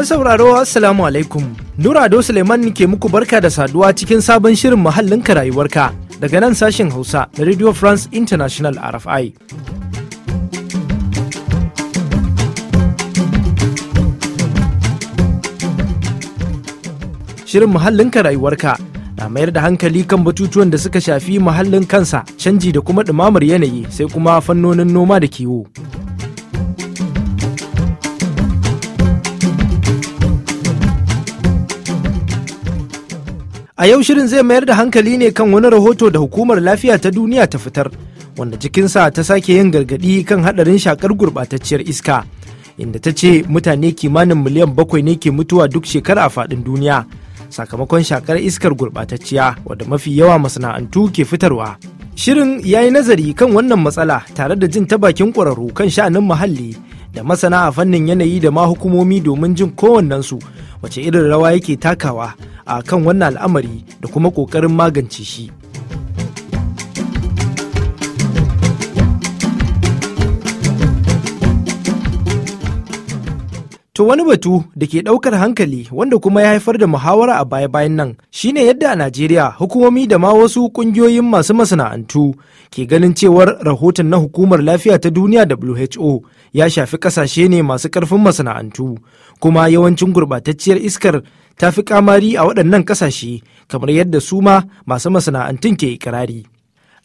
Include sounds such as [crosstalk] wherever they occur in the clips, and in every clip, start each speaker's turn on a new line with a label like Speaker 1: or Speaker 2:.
Speaker 1: Masu sauraro Assalamu alaikum. Nurado Suleiman ke muku barka da saduwa cikin sabon shirin muhallinka rayuwarka daga nan sashen Hausa na Radio France International RFI. Shirin muhallinka rayuwarka na mayar da hankali kan batutuwan da suka shafi muhallin kansa, canji da kuma ɗumamar yanayi sai kuma fannonin noma da kiwo. A yau shirin zai mayar da hankali ne kan wani rahoto da hukumar lafiya ta duniya ta fitar, wanda cikinsa ta sake yin gargaɗi kan haɗarin shakar gurɓatacciyar iska, inda ta ce mutane kimanin miliyan bakwai ne ke mutuwa duk shekara a faɗin duniya, sakamakon shakar iskar gurɓatacciya wadda mafi yawa masana'antu ke fitarwa. Shirin ya yi nazari kan wannan matsala tare da jin ta bakin ƙwararru kan sha'anin muhalli da masana a fannin yanayi da ma hukumomi domin jin kowannensu wace irin rawa yake takawa a kan wannan al'amari da kuma ƙoƙarin magance shi. To wani batu da ke ɗaukar hankali wanda kuma ya haifar da muhawara a baya-bayan nan shine yadda a Najeriya hukumomi da ma wasu ƙungiyoyin masu masana'antu ke ganin cewar rahoton na hukumar lafiya ta duniya WHO ya shafi ƙasashe ne masu karfin masana'antu kuma yawancin gurɓatacciyar iskar ta fi kamari a waɗannan ƙasashe kamar yadda su ma masu masana'antun ke ikirari.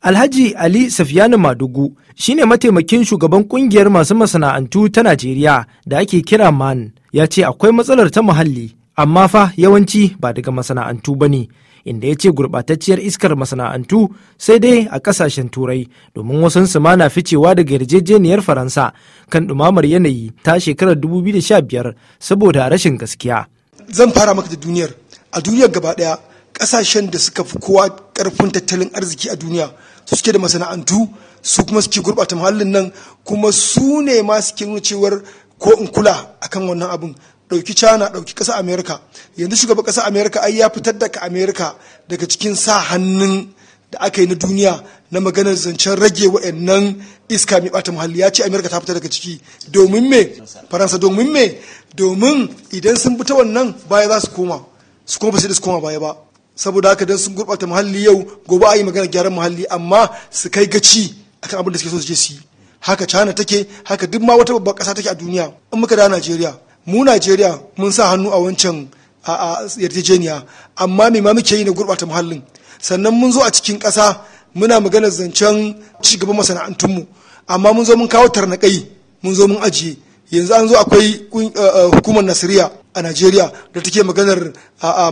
Speaker 1: Alhaji Ali Safiyanu Madugu shi ne mataimakin shugaban kungiyar masu masana'antu ta Najeriya da ake kira MAN ya ce akwai matsalar ta muhalli amma fa yawanci ba daga masana'antu ba ne inda ya ce gurɓatacciyar iskar masana'antu sai dai a ƙasashen turai domin wasan su na ficewa daga yarjejeniyar faransa kan ɗumamar yanayi ta shekarar 2015 saboda rashin gaskiya. Zan fara maka da duniyar a duniyar gaba
Speaker 2: ɗaya kasashen da suka fi kowa karfin tattalin arziki a duniya su suke da masana'antu su kuma suke gurbata muhallin nan kuma su ne ma suke nuna cewar ko in kula akan wannan abin dauki china ɗauki ƙasa america yanzu shugaban ƙasa america ai ya fitar da ka america daga cikin sa hannun da aka yi na duniya na maganar zancen rage wa'annan iska mai bata muhalli ya ce amerika ta fita daga ciki domin me faransa domin me domin idan sun fita wannan baya za su koma su koma ba su koma baya ba saboda haka dan sun gurɓata muhalli yau gobe a yi magana gyaran muhalli amma su kai gaci akan abin da suke so su je su yi haka China take haka duk ma wata babbar ƙasa take a duniya in muka da Najeriya mu Najeriya mun sa hannu a wancan a yarjejeniya amma me ma muke yi na gurɓata muhallin sannan mun zo a cikin ƙasa muna magana zancen ci cigaban masana'antunmu amma mun zo mun kawo tarnaƙai mun zo mun ajiye yanzu an zo akwai eh, eh, hukumar nasiriya a najeriya da take maganar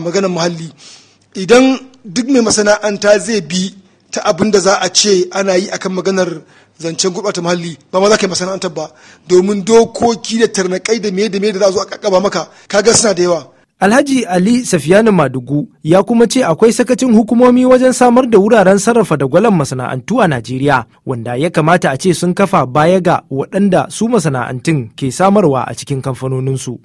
Speaker 2: maganar muhalli idan duk mai masana'anta zai bi ta abin da za a ce ana yi akan maganar zancen gurɓata muhalli ba ma za ka yi masana'antar ba domin dokoki da tarnakai
Speaker 1: da me da me da za a zo a kakaba maka kaga suna da yawa Alhaji Ali Safiyanu Madugu ya kuma ce akwai sakacin hukumomi wajen samar da wuraren sarrafa da gwalan masana'antu a Najeriya wanda ya kamata a ce sun kafa baya ga waɗanda su masana'antun ke samarwa a cikin kamfanoninsu.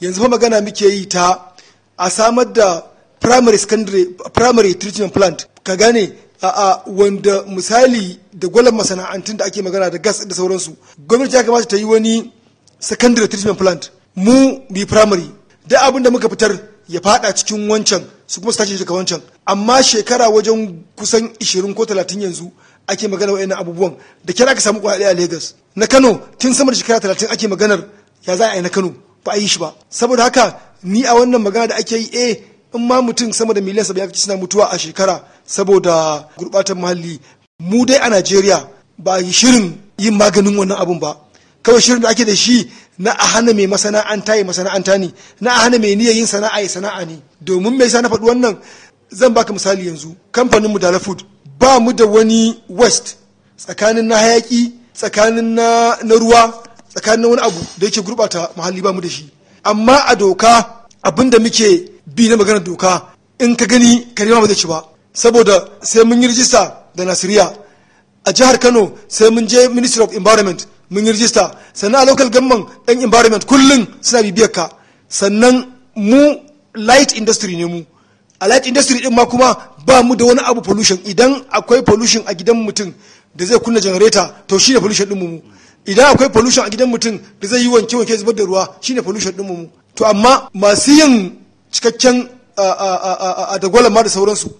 Speaker 2: Yanzu fa magana muke yi ta a samar da primary secondary primary treatment plant ka gane a wanda misali da gwalan masana'antun da ake magana da gas da sauransu gwamnati ya kamata ta yi wani secondary treatment plant mu bi primary da abin da muka fitar ya fada cikin wancan su kuma su tashi daga wancan amma shekara wajen kusan 20 ko 30 yanzu ake magana wa'annan abubuwan da kira ka samu kwaɗe a Lagos na Kano tun sama da shekara 30 ake maganar ya za a yi na Kano ba a yi shi ba saboda haka ni a wannan magana da ake yi eh in ma mutum sama da miliyan saba'in aka suna mutuwa a shekara saboda gurbatar muhalli mu dai a najeriya ba yi shirin yin maganin wannan abun ba kawai shirin da ake da shi na a hana mai masana'anta ya masana'anta ne na a hana mai niyyar yin sana'a ya sana'a ne domin mai sa na faɗi wannan zan baka misali yanzu kamfanin mu dala food ba mu da wani west tsakanin na hayaki tsakanin na, na ruwa tsakanin wani abu da yake gurɓata muhalli ba mu da shi amma a doka abin da muke bi na maganar doka in ka gani karima ba zai ci ba saboda sai mun yi rijista da nasiriya a jihar kano sai mun je ministry of environment mun yi rijista sannan a local government ɗan environment kullum suna bibiyar ka sannan mu light industry ne mu a light industry din ma kuma ba mu da wani abu pollution idan akwai pollution a gidan mutum da zai kunna generator to shine pollution din mu idan akwai pollution a gidan mutum da zai yi wanke wanke zubar da ruwa shine pollution din mu to amma masu yin cikakken a da sauransu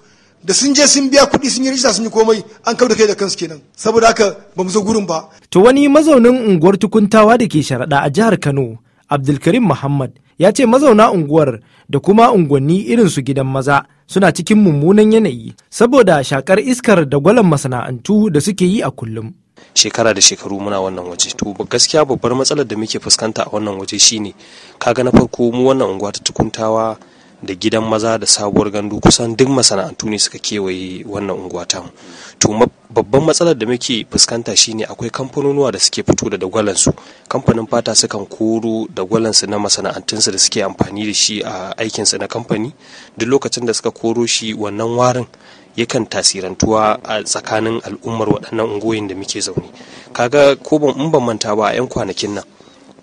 Speaker 2: da sun je sun biya kuɗi sun yi rijista sun yi komai an kau da kai da kansu kenan saboda haka ba mu zo gurin ba.
Speaker 1: To wani mazaunin unguwar tukuntawa da ke sharaɗa a jihar Kano Abdulkarim Muhammad ya ce mazauna unguwar da kuma unguwanni irin su gidan maza suna cikin mummunan yanayi saboda shakar iskar da gwalan masana'antu da suke yi a kullum.
Speaker 3: shekara da shekaru muna wannan waje to gaskiya babbar matsalar da muke fuskanta a wannan waje shine kaga na farko mu wannan unguwa ta tukuntawa da gidan maza da sabuwar gandu kusan duk masana'antu ne suka kewaye wannan unguwa ta to babban matsalar da muke fuskanta shine akwai kamfanonuwa da suke fito da dagwalansu kamfanin fata sukan koro dagwalansu na masana'antun su da suke amfani da shi a aikinsu na kamfani duk lokacin da suka koro shi wannan warin yakan tasirantuwa a tsakanin al'ummar waɗannan unguwoyin da muke zaune kaga ko ban in ban manta ba yan kwanakin nan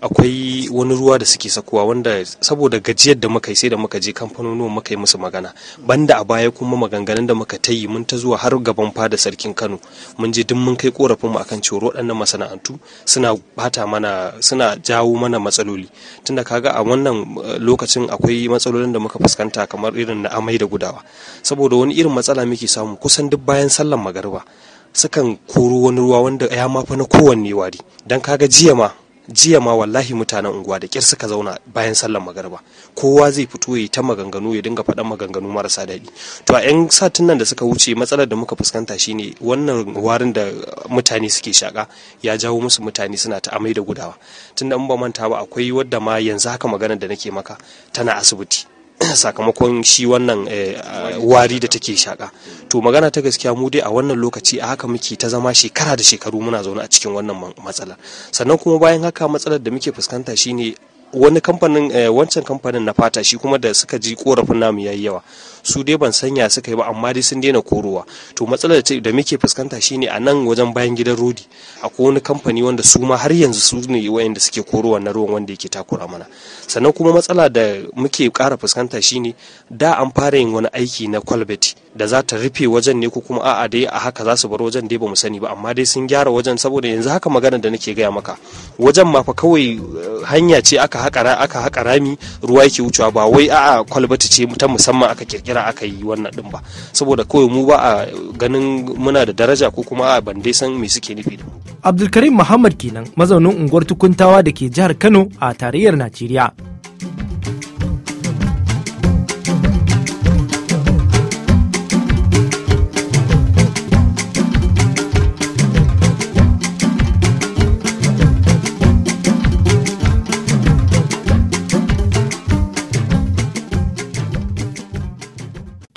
Speaker 3: akwai wani ruwa da suke sakuwa wanda saboda gajiyar da muka yi sai da muka je kamfanonin muka yi musu magana banda a baya kuma maganganun da muka ta yi mun ta zuwa har gaban fada sarkin Kano mun je duk mun kai korafin mu akan cewa waɗannan masana'antu suna bata mana suna jawo mana matsaloli tunda kaga a wannan eh, lokacin akwai matsalolin da muka fuskanta kamar irin na amai da gudawa saboda wani irin matsala muke samu kusan duk bayan sallan magariba sukan koro wani ruwa wanda ya mafi na kowanne wari dan kaga jiya ma jiya ma wallahi mutanen unguwa da kyar suka zauna bayan sallar magarba kowa zai fito ya ta maganganu ya dinga faɗan maganganu marasa daɗi to a 'yan satin nan da suka wuce matsalar da muka fuskanta shine wannan warin da mutane suke shaka ya jawo musu mutane suna ta amai da gudawa tunda in ba manta ba akwai wadda ma yanzu haka maganar da nake maka tana asibiti [clears throat] sakamakon shi wannan eh, ah, wari da take shaka to magana ta gaskiya mu dai a wannan lokaci a haka muke ta zama shekara da shekaru muna zaune a cikin wannan matsala sannan kuma bayan haka matsalar da muke fuskanta shine wani kamfanin eh, wancan kamfanin na fata shi kuma da suka ji korafin namu yayi yawa su dai ban sanya suka yi ba amma dai sun daina korowa to matsalar da muke fuskanta shine a nan wajen bayan gidan rodi akwai wani kamfani wanda su ma har yanzu su ne wayanda suke korowa na ruwan wanda yake takura mana sannan kuma matsala da muke kara fuskanta shine da an fara yin wani aiki na kwalbati da za ta rufe wajen ne ko kuma a'a dai a haka za su bar wajen dai ba mu sani ba amma dai sun gyara wajen saboda yanzu haka magana da nake gaya maka wajen ma fa kawai eh, hanya ce aka haƙa aka haƙa rami ruwa yake wucewa ba wai a'a kwalbati ce ta musamman aka kirkira yasa aka yi wannan din ba saboda kawai mu ba a ganin muna da daraja ko kuma a ban dai san me suke nufi da
Speaker 1: Abdulkarim Muhammad kenan mazaunin unguwar tukuntawa da ke jihar Kano a tarayyar Najeriya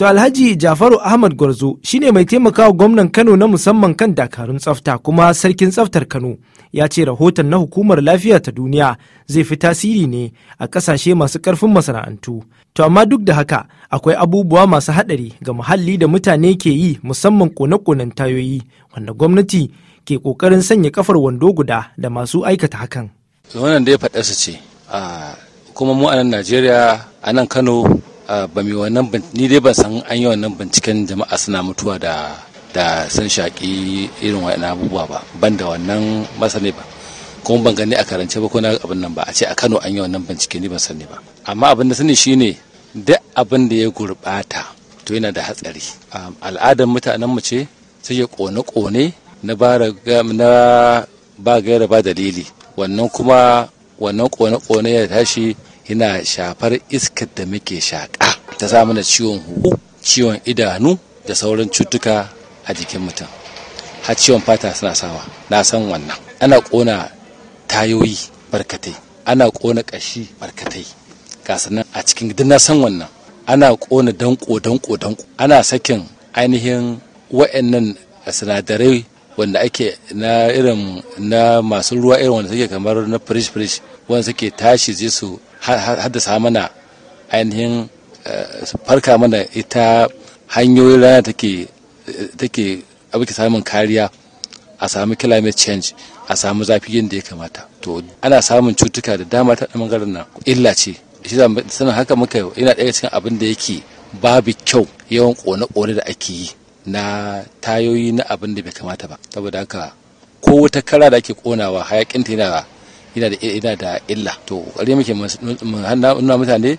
Speaker 1: To Alhaji Jafaru Ahmad Gwarzo shine mai taimakawa gwamnan Kano na musamman kan dakarun tsafta kuma sarkin tsaftar Kano ya ce rahoton na hukumar lafiya ta duniya zai fi tasiri ne a kasashe masu karfin masana'antu. To amma duk da haka akwai abubuwa masu haɗari ga muhalli da mutane ke yi musamman kone-konen tayoyi wanda gwamnati ke ƙoƙarin sanya kafar wando guda da masu aikata hakan.
Speaker 4: Wannan dai faɗa su ce ah, kuma mu a nan Najeriya a nan Kano Ah, ba mai wannan ni dai ban san an yi wannan binciken jama'a suna mutuwa da da san shaƙi irin wa'ina abubuwa ba ban da wannan masani ba kuma ban gani a karance ba ko na abin nan ba a ce a Kano an yi wannan bincike ni ban san ba amma abin da sani shine duk abin da ya gurbata to yana da hatsari ah, al'adar mutanen mu ce suke kone-kone na ba gaira ba dalili wannan kuma wannan kone-kone ya tashi Ina shafar iskar da muke shaƙa ta sa mana ciwon huhu ciwon idanu da sauran cutuka a jikin mutum har ciwon fata suna sawa na san wannan ana ƙona tayoyi barkatai ana ƙona ƙashi barkatai gasanan a cikin duk na san wannan ana ƙona danko danko danko ana sakin ainihin wa'annan sinadarai wanda ake na irin na masu ruwa irin wanda suke kamar na firish firish wanda suke tashi zai su haddasa mana ainihin eh, farka mana ita hanyoyin rana take take samun kariya a samu climate change a samu zafi yadda ya kamata to ana samun cutuka da dama ta bangaren nan illa ce shi sanin haka muka yana ɗaya cikin abin da yake babu kyau yawan ƙone-ƙone da ake yi na tayoyi na abin da bai kamata ba saboda haka ko wata kara da ake konawa hayakinta yana yana da illa to kare muke mun nuna mutane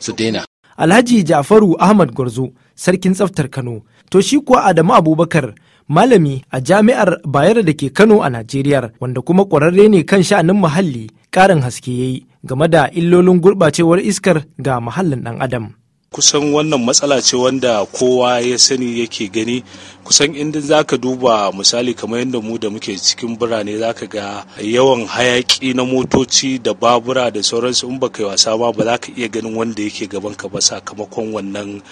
Speaker 4: su daina
Speaker 1: Alhaji Jafaru Ahmad Gwarzo, sarkin tsaftar Kano, to shi kuwa Adamu Abubakar, malami a jami'ar Bayero da ke Kano a Najeriya, wanda kuma ƙwararre ne kan sha'anin muhalli, ƙarin haske yayi game da illolin gurbacewar iskar ga muhallin ɗan Adam.
Speaker 5: kusan wannan matsala ce wanda kowa ya sani yake gani kusan inda za ka duba misali kamar yadda mu da muke cikin birane za ka ga yawan hayaki na motoci da babura da sauransu in baka yi wasa ba ba za ka iya ganin wanda yake gaban ka ba sakamakon wannan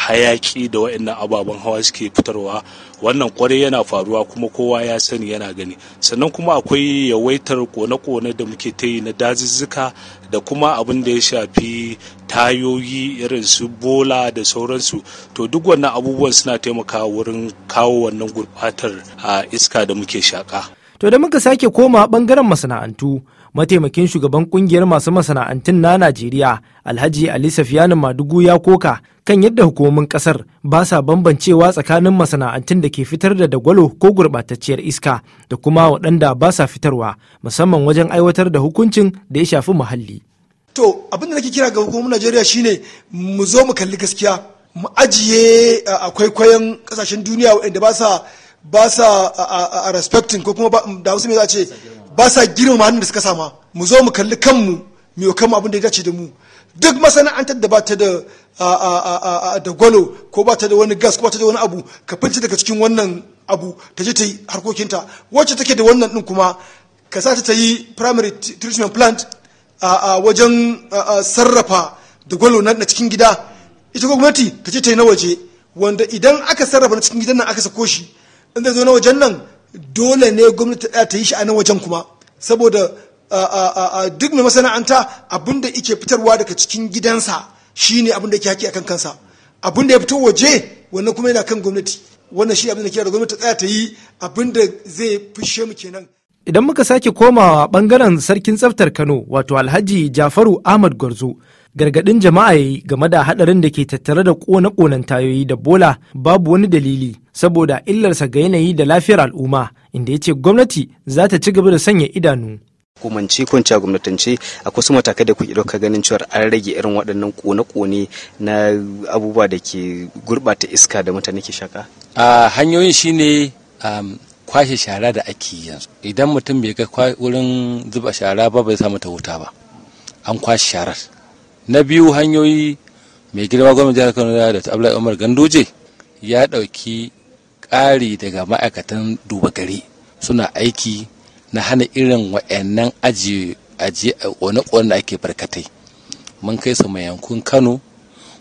Speaker 5: hayaki da wa'annan ababen hawa suke fitarwa wannan kwarai yana faruwa kuma kowa ya sani yana gani sannan kuma akwai yawaitar kone-kone da muke ta yi na dazuzzuka da kuma abin da ya shafi tayoyi irin su bola da sauransu to duk wannan abubuwan suna taimakawa wurin kawo wannan gurbatar a iska da
Speaker 1: muke shaka to da muka sake koma bangaren masana'antu mataimakin shugaban kungiyar masu masana'antun na najeriya alhaji ali safiyanin madugu ya koka kan yadda hukumomin kasar ba sa bambancewa tsakanin masana'antun da ke fitar da dagwalo ko gurɓatacciyar iska da kuma waɗanda ba sa fitarwa musamman wajen aiwatar da hukuncin da ya shafi muhalli.
Speaker 2: to abin da nake kira ga hukumar najeriya shine mu zo mu kalli gaskiya mu ajiye a kwaikwayon kasashen duniya waɗanda ba sa ba sa a respecting ko kuma da wasu mai za ce ba sa girmama hannun da suka sama mu zo mu kalli kanmu mu kanmu abin da ya dace da mu duk masana'antar da ba ta da da gwalo ko ba ta da wani gas ko ba ta da wani abu ka fice daga cikin wannan abu ta je ta yi harkokinta wacce take da wannan din kuma ka sa ta yi primary treatment plant a wajen sarrafa gwalo na cikin gida ita gwamnati ta ce ta yi na waje wanda idan aka sarrafa na cikin gidan nan aka sako shi in zai zo na wajen nan dole ne gwamnati ta yi shi a na wajen kuma saboda duk mai masana'anta abin da ike fitarwa daga cikin gidansa shine abin da yake haƙi akan kansa abin da ya fito waje wannan kuma yana kan gwamnati wannan shi abin da ke da gwamnati tsaya ta yi abin da zai fishe mu kenan
Speaker 1: Idan muka sake komawa bangaren sarkin tsaftar Kano wato Alhaji Jafaru Ahmad Gwarzo gargadin jama'a yayi game da hadarin da ke tattare da kona konan tayoyi da bola babu wani dalili saboda illarsa ga yanayi da lafiyar al'umma inda ya ce gwamnati za ta ci gaba da sanya idanu.
Speaker 3: hukumance ko a gwamnatance akwai su matakai da kuke ɗauka ganin cewa an rage irin waɗannan kone-kone na abubuwa da ke gurɓata iska da mutane ke shaka?
Speaker 4: a ah, hanyoyin shine um, kwashe shara da ake yanzu idan mutum bai ga wurin zuba shara ba bai samu ta wuta ba an kwashe sharar na biyu hanyoyi mai girma gwamnati jihar kano da abdullahi umar ganduje ya ɗauki ƙari daga ma'aikatan duba gari suna aiki na hana irin wa'annan aji a ƙone-ƙone ake barkatai mun kai su mayankun kano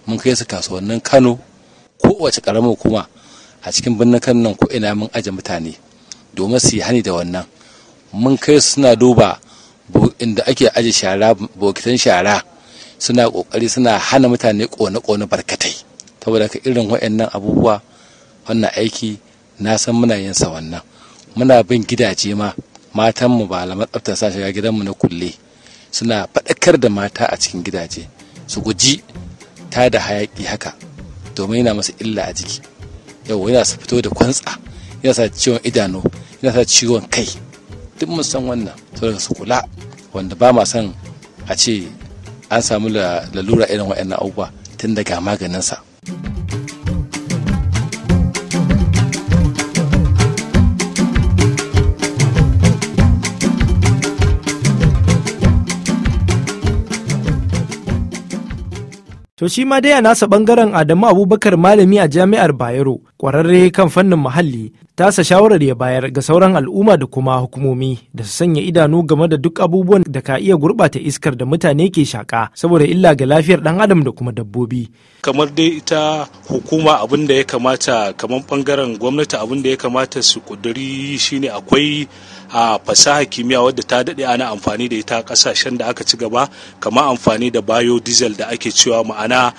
Speaker 4: mun kai su kasuwannin kano kowace ƙaramar kuma a cikin birnin kano ko ina mun aje mutane domin su yi hani da wannan mun kai suna duba inda ake aje shara bokitan shara suna kokari suna hana mutane kone-kone barkatai saboda ka irin waɗannan abubuwa wannan aiki na san muna yin sa wannan muna bin gidaje ma matanmu ba la tsafta sa shiga gidanmu na kulle suna faɗakar da mata a cikin gidaje su guji ta da hayaki haka domin yana masa illa a jiki yau yana su fito da kwantsa yana sa ciwon idanu yana sa ciwon kai duk mun san wannan to su kula wanda ba ma san a ce an samu lalura irin waɗannan abubuwa tun daga maganinsa.
Speaker 1: To shi ma dai a nasa bangaren Adamu Abubakar malami a jami'ar Bayero kwararre kan fannin muhalli ta sa shawarar ya bayar ga sauran al'umma da kuma hukumomi da su sanya idanu game da duk abubuwan da ka iya gurbata iskar da mutane ke shaka saboda illa ga lafiyar dan adam da kuma dabbobi
Speaker 5: kamar dai ita hukuma abin da ya kamata kamar bangaren gwamnati abin da ya kamata su kuduri shine akwai a fasaha kimiyya wadda ta daɗe ana amfani da ita kasashen da aka ci gaba kamar amfani da bio-diesel da ake cewa ma'ana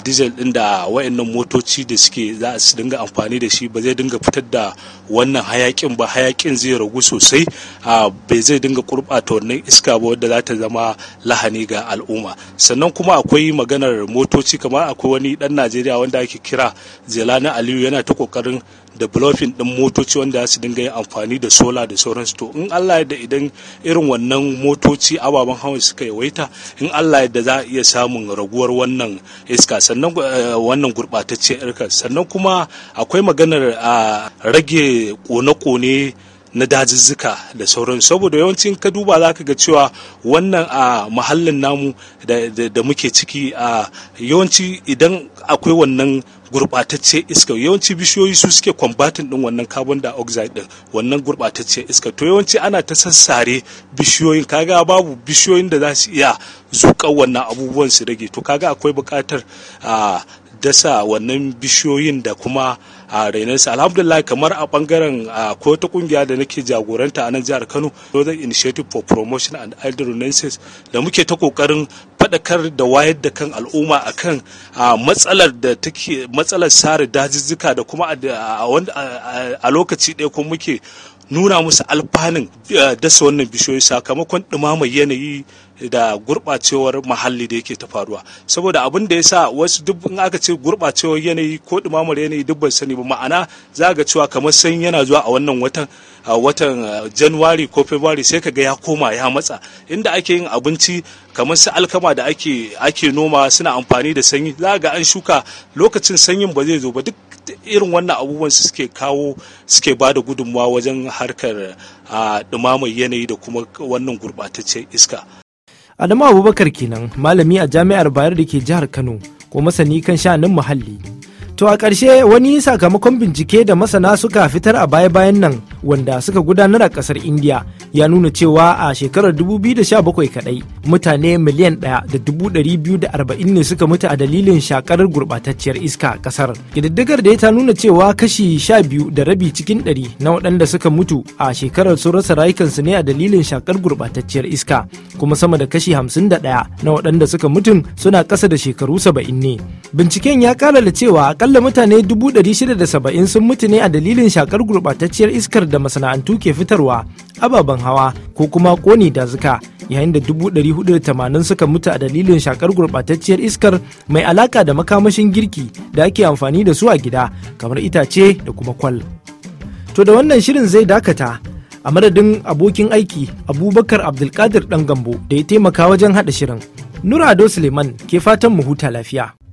Speaker 5: diesel ɗin da wayannan motoci da suke za su dinga amfani da shi ba zai dinga fitar da wannan hayakin ba hayakin zai ragu sosai a bai zai dinga gurɓata wannan iska ba wadda za ta zama lahani ga al'umma sannan kuma akwai maganar motoci kamar akwai wani dan najeriya wanda ake kira zelani aliyu yana ta kokarin da developing din motoci wanda su dinga yin amfani da sola da sauransu to in Allah ya idan irin wannan motoci ababen hawa suka yawaita in Allah ya za a iya samun raguwar wannan iska sannan eh, wannan gurbatacciyar iska sannan kuma akwai maganar a rage kone-kone na dazuzzuka da sauran saboda yawancin ka duba za ka ga cewa wannan a mahallin namu da muke ciki a yawanci idan akwai wannan gurbatacce iska yawanci bishiyoyi su suke kwambatin din wannan carbon dioxide din wannan gurbatacce iska to yawanci ana ta sassare bishiyoyin kaga babu bishiyoyin da za su iya zuƙar wannan abubuwan su rage to kaga akwai buƙatar a dasa wannan bishiyoyin da kuma a su alhamdulillah kamar a bangaren ko ta kungiya da nake jagoranta a nan jihar kano northern initiative for promotion and elder renaissance da muke ta kokarin faɗakar da wayar da kan al'umma akan matsalar da take matsalar sare dajijjika da kuma a lokaci ɗaya kuma muke nuna musu alfanun eh, dasa wannan bishiyoyi sakamakon ɗumamar yanayi da gurɓacewar muhalli da yake ta faruwa saboda abin da ya sa wasu duk in aka ce gurɓacewar yanayi ko ɗumamar yanayi duk ban sani ba ma'ana za ga cewa kamar sanyi yana zuwa a wannan watan a watan januwari ko february sai ka ga ya koma ya matsa inda ake yin abinci kamar su alkama da ake ake noma suna amfani da sanyi za ga an shuka lokacin sanyin ba zai zo ba duk irin wannan abubuwan su suke kawo suke ba da gudunmawa wajen harkar a ɗumamar yanayi da kuma wannan gurɓataccen iska
Speaker 1: Adamu Abubakar kenan malami a jami'ar Bayar da ke jihar Kano ko masani kan sha'anin muhalli. To a ƙarshe wani sakamakon bincike da masana suka fitar a baya-bayan nan wanda suka gudanar a ƙasar India ya nuna cewa a shekarar 2017 kaɗai mutane miliyan ɗaya da dubu arba'in ne suka mutu a dalilin shakar gurɓatacciyar iska a ƙasar. Ƙididdigar da ta nuna cewa kashi sha da rabi cikin ɗari na waɗanda suka mutu a shekarar sun rasa rayukansu ne a dalilin shakar gurɓatacciyar iska kuma sama da kashi hamsin da ɗaya na waɗanda suka mutu suna ƙasa da shekaru saba'in ne. Binciken ya ƙara da cewa akalla mutane 670 sun mutu ne a dalilin shakar gurbatacciyar iskar da masana'antu ke fitarwa ababen hawa ko kuma koni dazuka yayin da 480 suka mutu a dalilin shakar gurbatacciyar iskar mai alaka da makamashin girki da ake amfani da su a gida kamar itace da kuma kwal to da wannan shirin zai dakata a madadin abokin aiki abubakar abdulkadir dan gambo da ya taimaka wajen haɗa shirin nura ado suleiman ke fatan mu huta lafiya